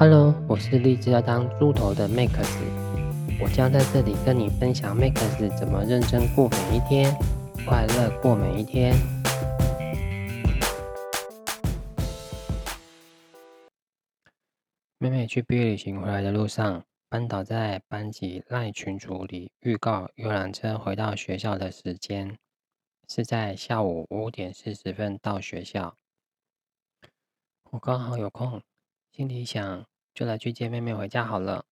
Hello，我是立志要當豬頭的 Max，我將在這裡跟你分享 Max 怎麼認真過每一天，快樂過每一天。妹妹去畢業旅行回來的路上，班導在班級賴群組裡預告遊覽車回到學校的時間是在下午五點四十分到學校，我剛好有空。心裡想，就來去接妹妹回家好了。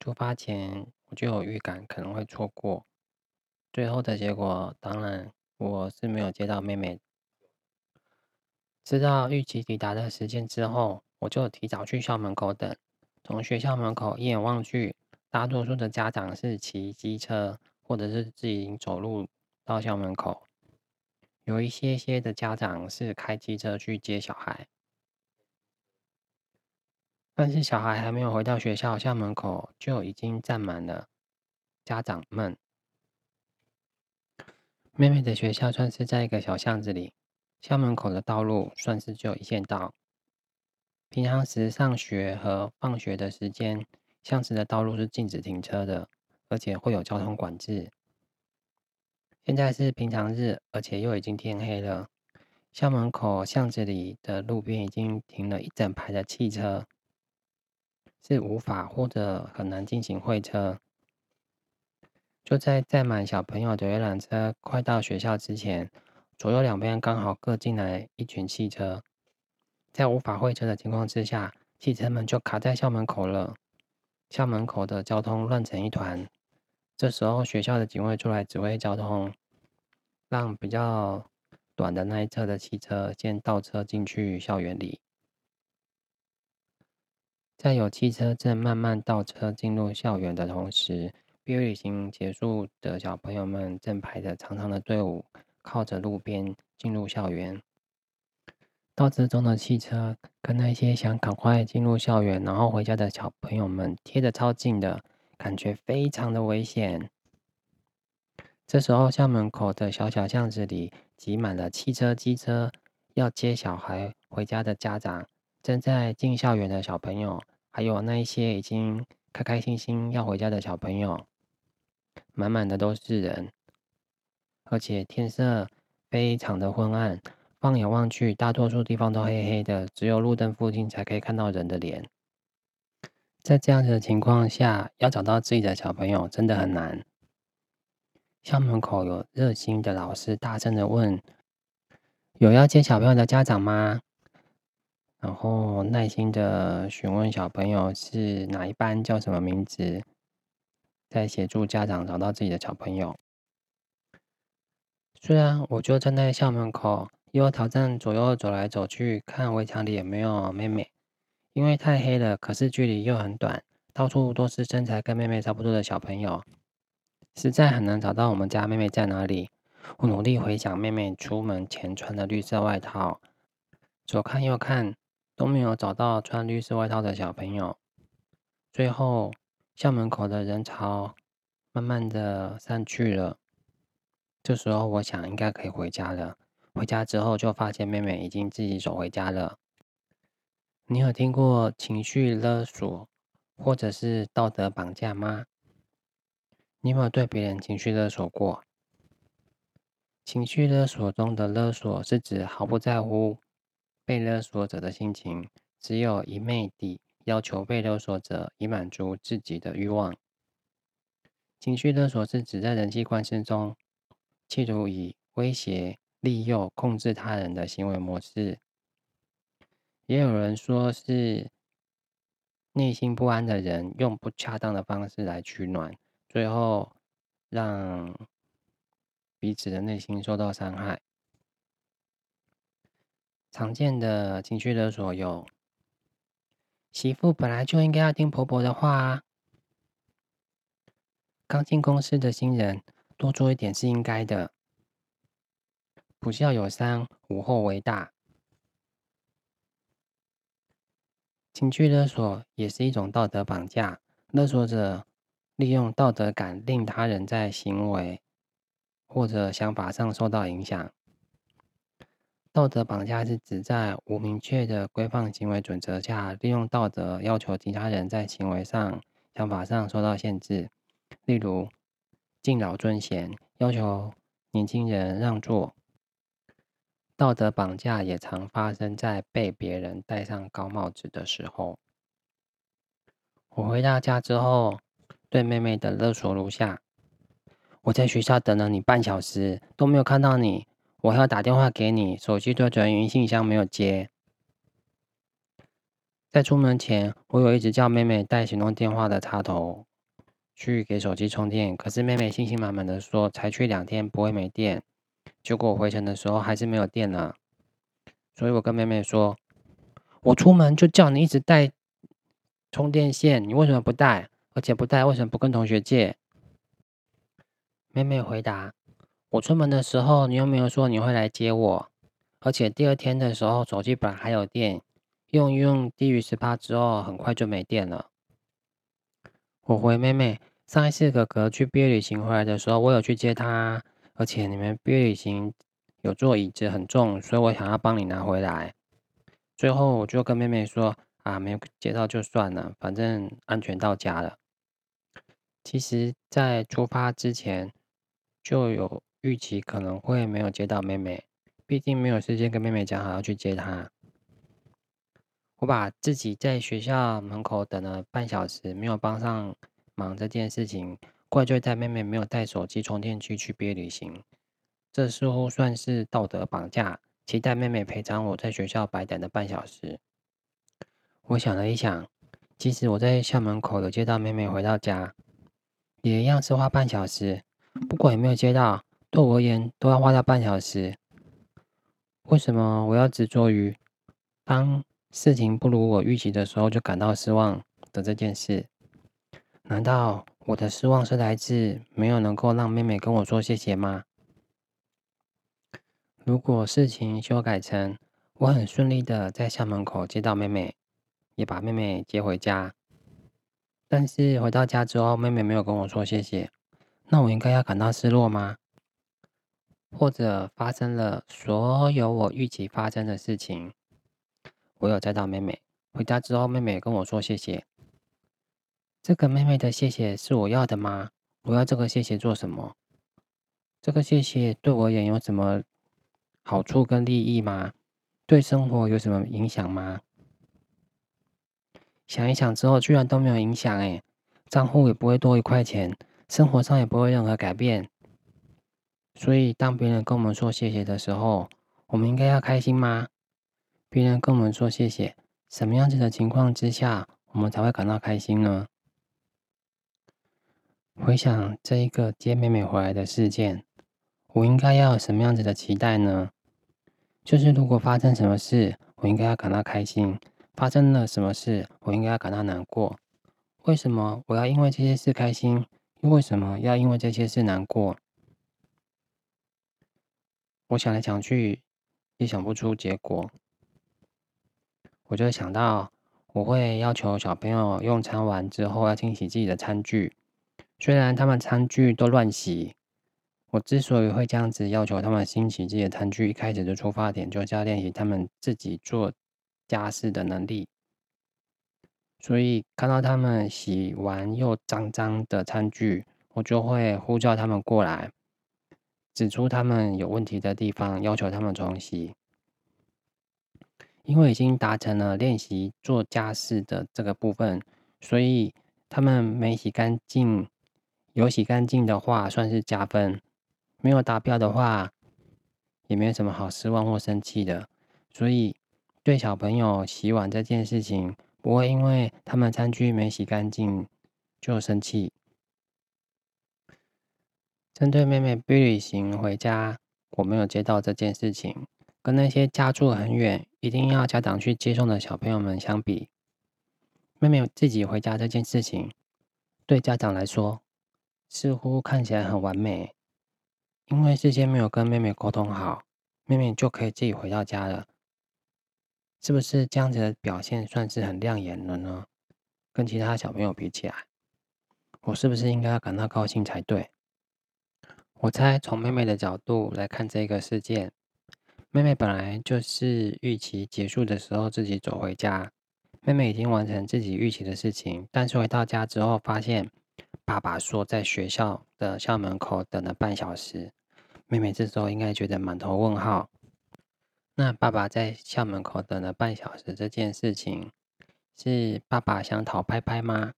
出發前，我就有預感可能會錯過。最後的結果，當然我是沒有接到妹妹。知道預期抵達的時間之後，我就提早去校門口等。從學校門口一眼望去，大多數的家長是騎機車或者是自己走路到校門口。有一些些的家長是開機車去接小孩。但是小孩還沒有回到學校，校門口就已經站滿了家長們。妹妹的學校算是在一個小巷子裡，校門口的道路算是只有一線道。平常時上學和放學的時間，巷子的道路是禁止停車的，而且會有交通管制。現在是平常日，而且又已經天黑了，校門口巷子裡的路邊已經停了一整排的汽車，是無法或者很難進行會車。就在載滿小朋友的遊覽車快到學校之前，左右兩邊剛好各進來一群汽車，在無法會車的情況之下，汽車們就卡在校門口了。校門口的交通亂成一團。這時候學校的警衛出來指揮交通，讓比較短的那一側的汽車先倒車進去校園裡。在有汽車正慢慢倒車進入校園的同時，畢業旅行結束的小朋友們正排着長長的隊伍，靠着路邊進入校園。倒車中的汽車跟那些想趕快進入校園然後回家的小朋友們貼得超近的，感覺非常的危險。這時候，校門口的小小巷子裡擠滿了汽車、機車，要接小孩回家的家長。正在進校園的小朋友，還有那一些已經開開心心要回家的小朋友，滿滿的都是人，而且天色非常的昏暗，放眼望去，大多數地方都黑黑的，只有路燈附近才可以看到人的臉。在這樣子的情況下，要找到自己的小朋友真的很難。校門口有熱心的老師大聲的問：“有要接小朋友的家長嗎？”然後耐心的詢問小朋友是哪一班，叫什麼名字，再協助家長找到自己的小朋友。雖然我就站在校門口，又要挑戰左右走來走去，看圍牆裡有沒有妹妹，因為太黑了，可是距離又很短，到處都是身材跟妹妹差不多的小朋友，實在很難找到我們家妹妹在哪裡。我努力回想妹妹出門前穿的綠色外套，左看右看。都沒有找到穿綠色外套的小朋友。最後，校門口的人潮慢慢的散去了。這時候，我想應該可以回家了。回家之後，就發現妹妹已經自己走回家了。你有聽過情緒勒索，或者是道德綁架嗎？你有沒有對別人情緒勒索過？情緒勒索中的勒索是指毫不在乎。被勒索者的心情，只有一昧地要求被勒索者以滿足自己的欲望。情緒勒索是指在人際關係中，企圖以威脅、利誘、控制他人的行為模式。也有人說是內心不安的人，用不恰當的方式來取暖，最後讓彼此的內心受到傷害。常見的情緒勒索有：媳婦本來就應該要聽婆婆的話啊。剛進公司的新人多做一點是應該的。不孝有三，無後為大。情緒勒索也是一種道德綁架，勒索者利用道德感令他人在行為或者想法上受到影響。道德綁架是指在無明確的規範行為準則下，利用道德要求其他人在行為上、想法上受到限制。例如，敬老尊賢，要求年輕人讓座。道德綁架也常發生在被別人戴上高帽子的時候。我回到家之後，對妹妹的勒索如下：我在學校等了你半小時，都沒有看到你。我還要打電話給你，手機都轉語音信箱沒有接。在出門前，我有一直叫妹妹帶行動電話的插頭去給手機充電，可是妹妹信心滿滿的說才去兩天不會沒電，結果我回程的時候還是沒有電了。所以我跟妹妹說，我出門就叫你一直帶充電線，你為什麼不帶？而且不帶，為什麼不跟同學借？妹妹回答。我出門的時候，你又沒有說你會來接我，而且第二天的時候手機本來還有電，用一用低於十八之後，很快就沒電了。我回妹妹，上一次哥哥去畢業旅行回來的時候，我有去接他，而且你們畢業旅行有坐椅子很重，所以我想要幫你拿回來。最後我就跟妹妹說啊，沒有接到就算了，反正安全到家了。其實，在出發之前就有。預期可能會沒有接到妹妹，畢竟沒有時間跟妹妹講好要去接她。我把自己在學校門口等了半小時沒有幫上忙這件事情，怪罪在妹妹沒有帶手機充電器去畢業旅行。這似乎算是道德綁架，期待妹妹賠償我在學校白等的半小時。我想了一想，即使我在校門口有接到妹妹回到家，也一樣是花半小時，不過也沒有接到。對我而言，都要花掉半小時。為什麼我要執着於當事情不如我預期的時候就感到失望的這件事？難道我的失望是來自沒有能夠讓妹妹跟我說謝謝嗎？如果事情修改成我很順利的在校門口接到妹妹，也把妹妹接回家，但是回到家之後妹妹沒有跟我說謝謝，那我應該要感到失落嗎？或者發生了所有我預期發生的事情，我有載到妹妹。回家之後，妹妹跟我說謝謝。這個妹妹的謝謝是我要的嗎？我要這個謝謝做什麼？這個謝謝對我也有什麼好處跟利益嗎？對生活有什麼影響嗎？想一想之後，居然都沒有影響誒，賬戶也不會多一塊錢，生活上也不會任何改變。所以，當別人跟我們說謝謝的時候，我們應該要開心嗎？別人跟我們說謝謝，什麼樣子的情況之下，我們才會感到開心呢？回想這一個接妹妹回來的事件，我應該要有什麼樣子的期待呢？就是如果發生什麼事，我應該要感到開心；發生了什麼事，我應該要感到難過。為什麼我要因為這些事開心？又為什麼要因為這些事難過？我想來想去，也想不出結果。我就想到，我會要求小朋友用餐完之後要清洗自己的餐具，雖然他們餐具都亂洗。我之所以會這樣子要求他們清洗自己的餐具，一開始的出發點就是要練習他們自己做家事的能力。所以看到他們洗完又髒髒的餐具，我就會呼叫他們過來。指出他們有問題的地方，要求他們重洗。因為已經達成了練習做家事的這個部分，所以他們沒洗乾淨。有洗乾淨的話，算是加分；沒有達標的話，也沒有什麼好失望或生氣的。所以，對小朋友洗碗這件事情，不會因為他們餐具沒洗乾淨就生氣。針對妹妹畢旅行，回家，我沒有接到這件事情。跟那些家住很遠，一定要家長去接送的小朋友們相比，妹妹自己回家這件事情，對家長來說似乎看起來很完美。因為事先沒有跟妹妹溝通好，妹妹就可以自己回到家了。是不是這樣子的表現算是很亮眼的呢？跟其他小朋友比起來，我是不是應該要感到高興才對？我猜，從妹妹的角度來看這個事件，妹妹本來就是預期結束的時候自己走回家。妹妹已經完成自己預期的事情，但是回到家之後發現，爸爸說在學校的校門口等了半小時。妹妹這時候應該覺得滿頭問號。那爸爸在校門口等了半小時這件事情，是爸爸想討拍拍嗎？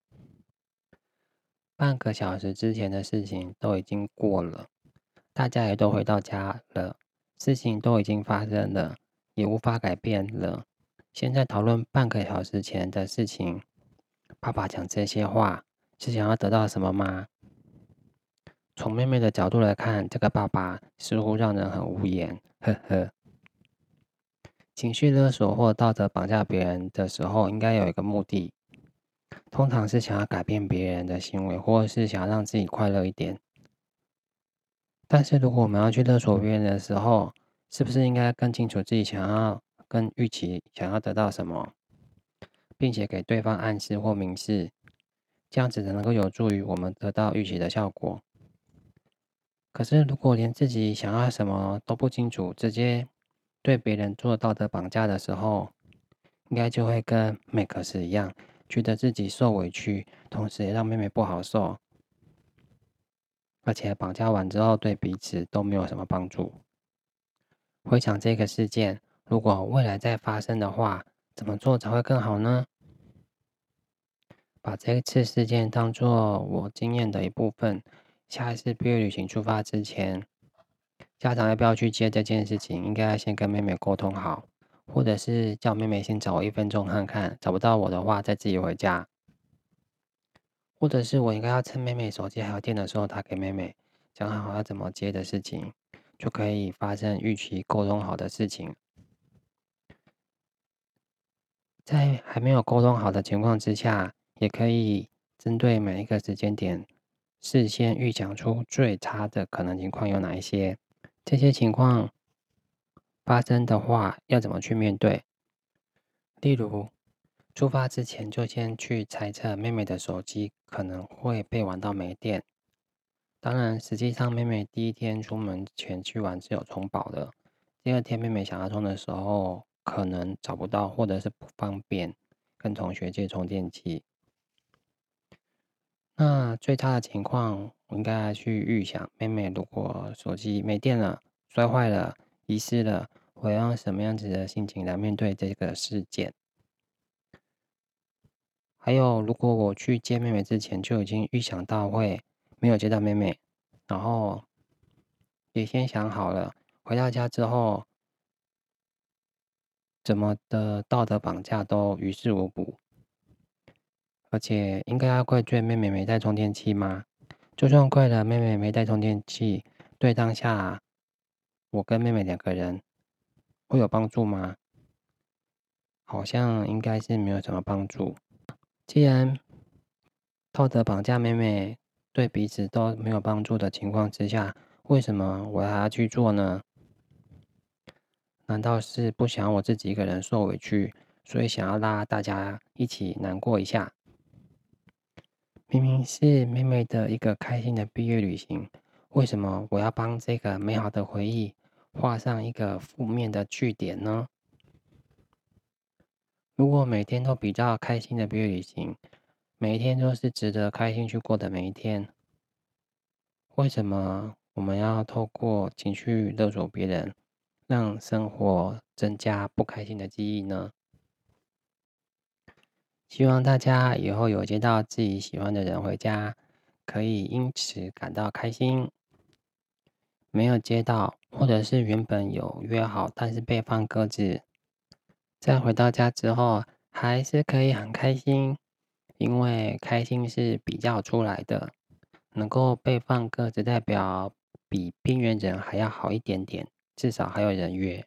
半個小時之前的事情都已經過了，大家也都回到家了，事情都已經發生了，也無法改變了。現在討論半個小時前的事情，爸爸講這些話是想要得到什麼嗎？從妹妹的角度來看，這個爸爸似乎讓人很無言，呵呵。情緒勒索或道德綁架別人的時候，應該有一個目的。通常是想要改變別人的行為，或是想要讓自己快樂一點。但是，如果我們要去勒索別人的時候，是不是應該更清楚自己想要跟預期想要得到什麼，並且給對方暗示或明示，這樣子才能夠有助於我們得到預期的效果？可是，如果連自己想要什麼都不清楚，直接對別人做道德綁架的時候，應該就會跟麥克斯一樣。覺得自己受委屈，同時也讓妹妹不好受，而且綁架完之後對彼此都沒有什麼幫助。回想這個事件，如果未來再發生的話，怎麼做才會更好呢？把這次事件當作我經驗的一部分，下一次畢業旅行出發之前，家長要不要去接這件事情，應該先跟妹妹溝通好。或者是叫妹妹先找我一分鐘看看，找不到我的話再自己回家。或者是我應該要趁妹妹手機還有電的時候打給妹妹，講好要怎麼接的事情，就可以發生預期溝通好的事情。在還沒有溝通好的情況之下，也可以針對每一個時間點，事先預想出最差的可能情況有哪一些，這些情況。發生的話，要怎麼去面對？例如，出發之前就先去猜測妹妹的手機可能會被玩到沒電。當然，實際上妹妹第一天出門前去玩是有充飽的。第二天妹妹想要充的時候，可能找不到，或者是不方便跟同學借充電器。那最差的情況，我應該去預想妹妹如果手機沒電了，摔壞了。遺失了，我要用什麼樣子的心情來面對這個事件？還有，如果我去接妹妹之前就已經預想到會沒有接到妹妹，然後也先想好了回到家之後怎麼的道德綁架都於事無補，而且應該要怪罪妹妹沒帶充電器嗎？就算怪了妹妹沒帶充電器，對當下、啊。我跟妹妹兩個人會有幫助嗎？好像應該是沒有什麼幫助。既然道德綁架妹妹對彼此都沒有幫助的情況之下，為什麼我還要去做呢？難道是不想我自己一個人受委屈，所以想要拉大家一起難過一下？明明是妹妹的一個開心的畢業旅行。為什麼我要幫這個美好的回憶畫上一個負面的句點呢？如果每天都比較開心的畢業旅行，每一天都是值得開心去過的每一天，為什麼我們要透過情緒勒索別人，讓生活增加不開心的記憶呢？希望大家以後有接到自己喜歡的人回家，可以因此感到開心。沒有接到，或者是原本有約好，但是被放鴿子，在回到家之後，還是可以很開心，因為開心是比較出來的。能夠被放鴿子，代表比邊緣人還要好一點點，至少還有人約。